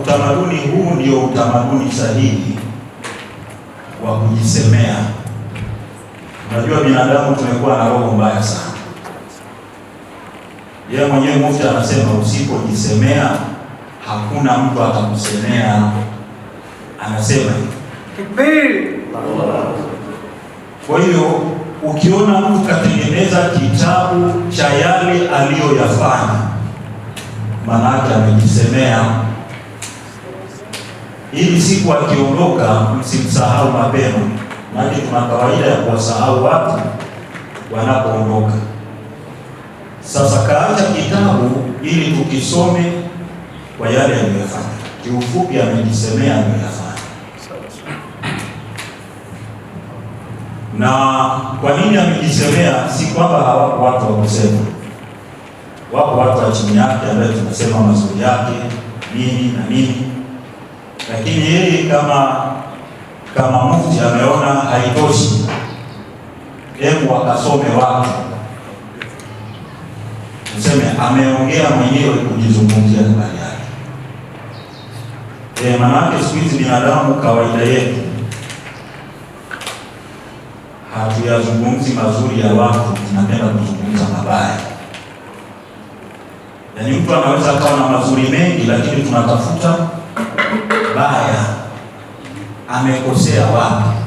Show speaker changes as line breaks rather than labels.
Utamaduni huu ndio utamaduni sahihi wa kujisemea. Unajua, binadamu tumekuwa na roho mbaya sana. Yeye mwenyewe Mufti anasema usipojisemea hakuna mtu atakusemea. Anasema kwa hiyo, ukiona mtu katengeneza kitabu cha yale aliyoyafanya manake amejisemea ili siku akiondoka msimsahau mapema, maana tuna kawaida ya kuwasahau watu wanapoondoka. Sasa kaacha kitabu ili tukisome kwa yale aliyofanya. Kiufupi amejisemea aliyofanya. Na kwa nini amejisemea? Si kwamba hawako watu wa kusema wako watu wa chini yake ambao tunasema mazuri yake nini na nini, lakini yeye kama kama mufti ameona haitoshi, hebu akasome watu. Tuseme ameongea mwenyewe kujizungumzia habari yake. E, eh, maanake siku hizi binadamu kawaida yetu hatuyazungumzi mazuri ya watu, tunapenda kuzungumza mabaya Yaani mtu anaweza kuwa na mazuri mengi, lakini tunatafuta baya, amekosea wapi?